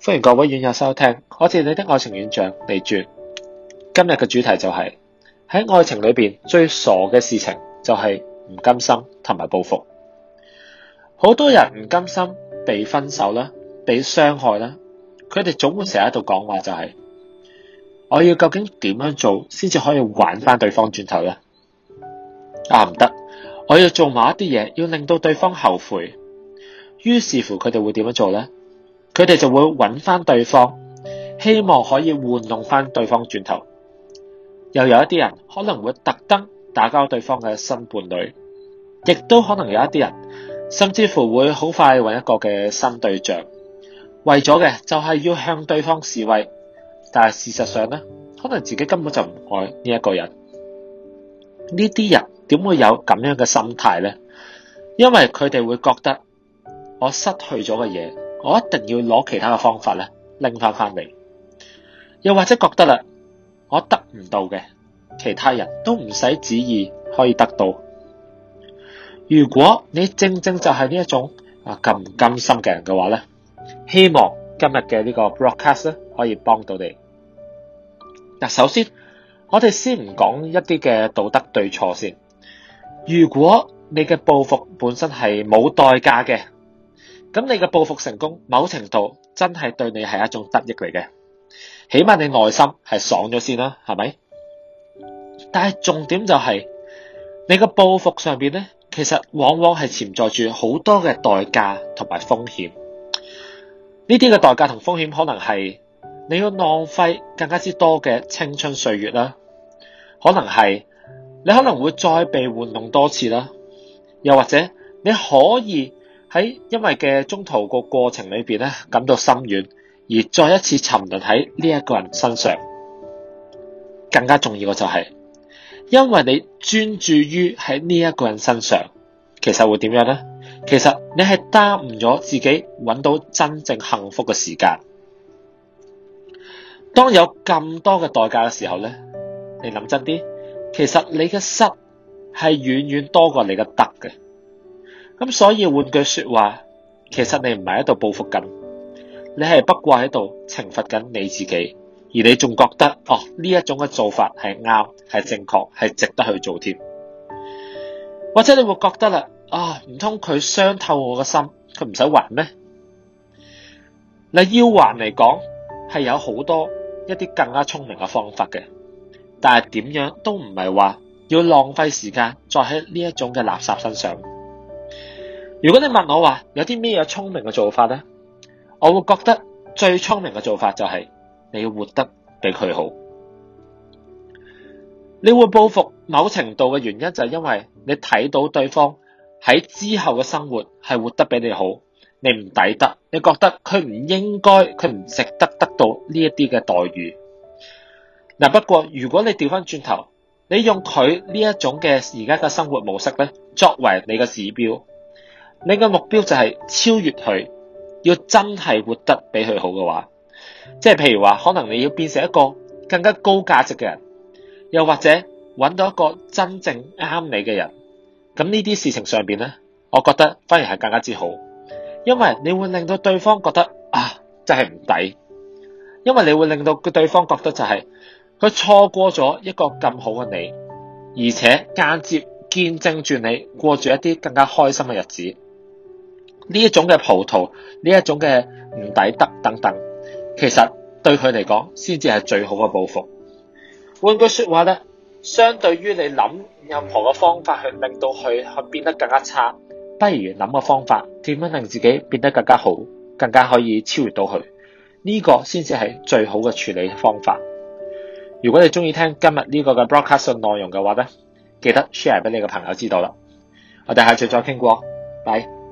歡迎各位網友收聽，我是你的愛情院長李專。今日嘅主題就係、是、喺愛情裏邊最傻嘅事情就係唔甘心同埋報復。好多人唔甘心被分手啦，被傷害啦，佢哋總會成日喺度講話就係、是、我要究竟點樣做先至可以玩翻對方轉頭呢？啊，唔得。我要做埋一啲嘢，要令到對方後悔。於是乎，佢哋會點樣做咧？佢哋就會揾翻對方，希望可以玩弄翻對方轉頭。又有一啲人可能會特登打擾對方嘅新伴侶，亦都可能有一啲人，甚至乎會好快揾一個嘅新對象。為咗嘅就係要向對方示威，但係事實上咧，可能自己根本就唔愛呢一個人。呢啲人。點會有咁樣嘅心態呢？因為佢哋會覺得，我失去咗嘅嘢，我一定要攞其他嘅方法咧拎翻翻嚟。又或者覺得啦，我得唔到嘅，其他人都唔使旨意可以得到。如果你正正就係呢一種啊咁唔甘心嘅人嘅話呢，希望今日嘅呢個 broadcast 咧可以幫到你。嗱，首先我哋先唔講一啲嘅道德對錯先。如果你嘅報復本身係冇代價嘅，咁你嘅報復成功，某程度真係對你係一種得益嚟嘅，起碼你內心係爽咗先啦，係咪？但係重點就係、是、你嘅報復上邊咧，其實往往係潛在住好多嘅代價同埋風險，呢啲嘅代價同風險可能係你要浪費更加之多嘅青春歲月啦，可能係。你可能會再被玩弄多次啦，又或者你可以喺因為嘅中途個過程裏邊咧感到心軟，而再一次沉淪喺呢一個人身上。更加重要嘅就係，因為你專注於喺呢一個人身上，其實會點樣呢？其實你係耽誤咗自己揾到真正幸福嘅時間。當有咁多嘅代價嘅時候咧，你諗真啲。其實你嘅失係遠遠多過你嘅得嘅，咁所以換句說話，其實你唔係喺度報復緊，你係不過喺度懲罰緊你自己，而你仲覺得哦，呢一種嘅做法係啱，係正確，係值得去做添，或者你會覺得啦，啊唔通佢傷透我嘅心，佢唔使還咩？嗱，要還嚟講，係有好多一啲更加聰明嘅方法嘅。但係點樣都唔係話要浪費時間再喺呢一種嘅垃圾身上。如果你問我話有啲咩嘢聰明嘅做法呢，我會覺得最聰明嘅做法就係你要活得比佢好。你會報復某程度嘅原因就係因為你睇到對方喺之後嘅生活係活得比你好，你唔抵得，你覺得佢唔應該，佢唔值得得到呢一啲嘅待遇。嗱，不過如果你調翻轉頭，你用佢呢一種嘅而家嘅生活模式咧，作為你嘅指標，你嘅目標就係超越佢，要真係活得比佢好嘅話，即係譬如話，可能你要變成一個更加高價值嘅人，又或者揾到一個真正啱你嘅人，咁呢啲事情上邊咧，我覺得反而係更加之好，因為你會令到對方覺得啊，真係唔抵，因為你會令到對方覺得就係。佢錯過咗一個咁好嘅你，而且間接見證住你過住一啲更加開心嘅日子。呢一種嘅葡萄，呢一種嘅唔抵得等等，其實對佢嚟講，先至係最好嘅報復。換句說話咧，相對於你諗任何嘅方法去令到佢去變得更加差，不如諗個方法點樣令自己變得更加好，更加可以超越到佢呢個，先至係最好嘅處理方法。如果你鍾意聽今日呢個嘅 broadcast 內容嘅話咧，記得 share 俾你嘅朋友知道啦。我哋下次再傾過，拜拜。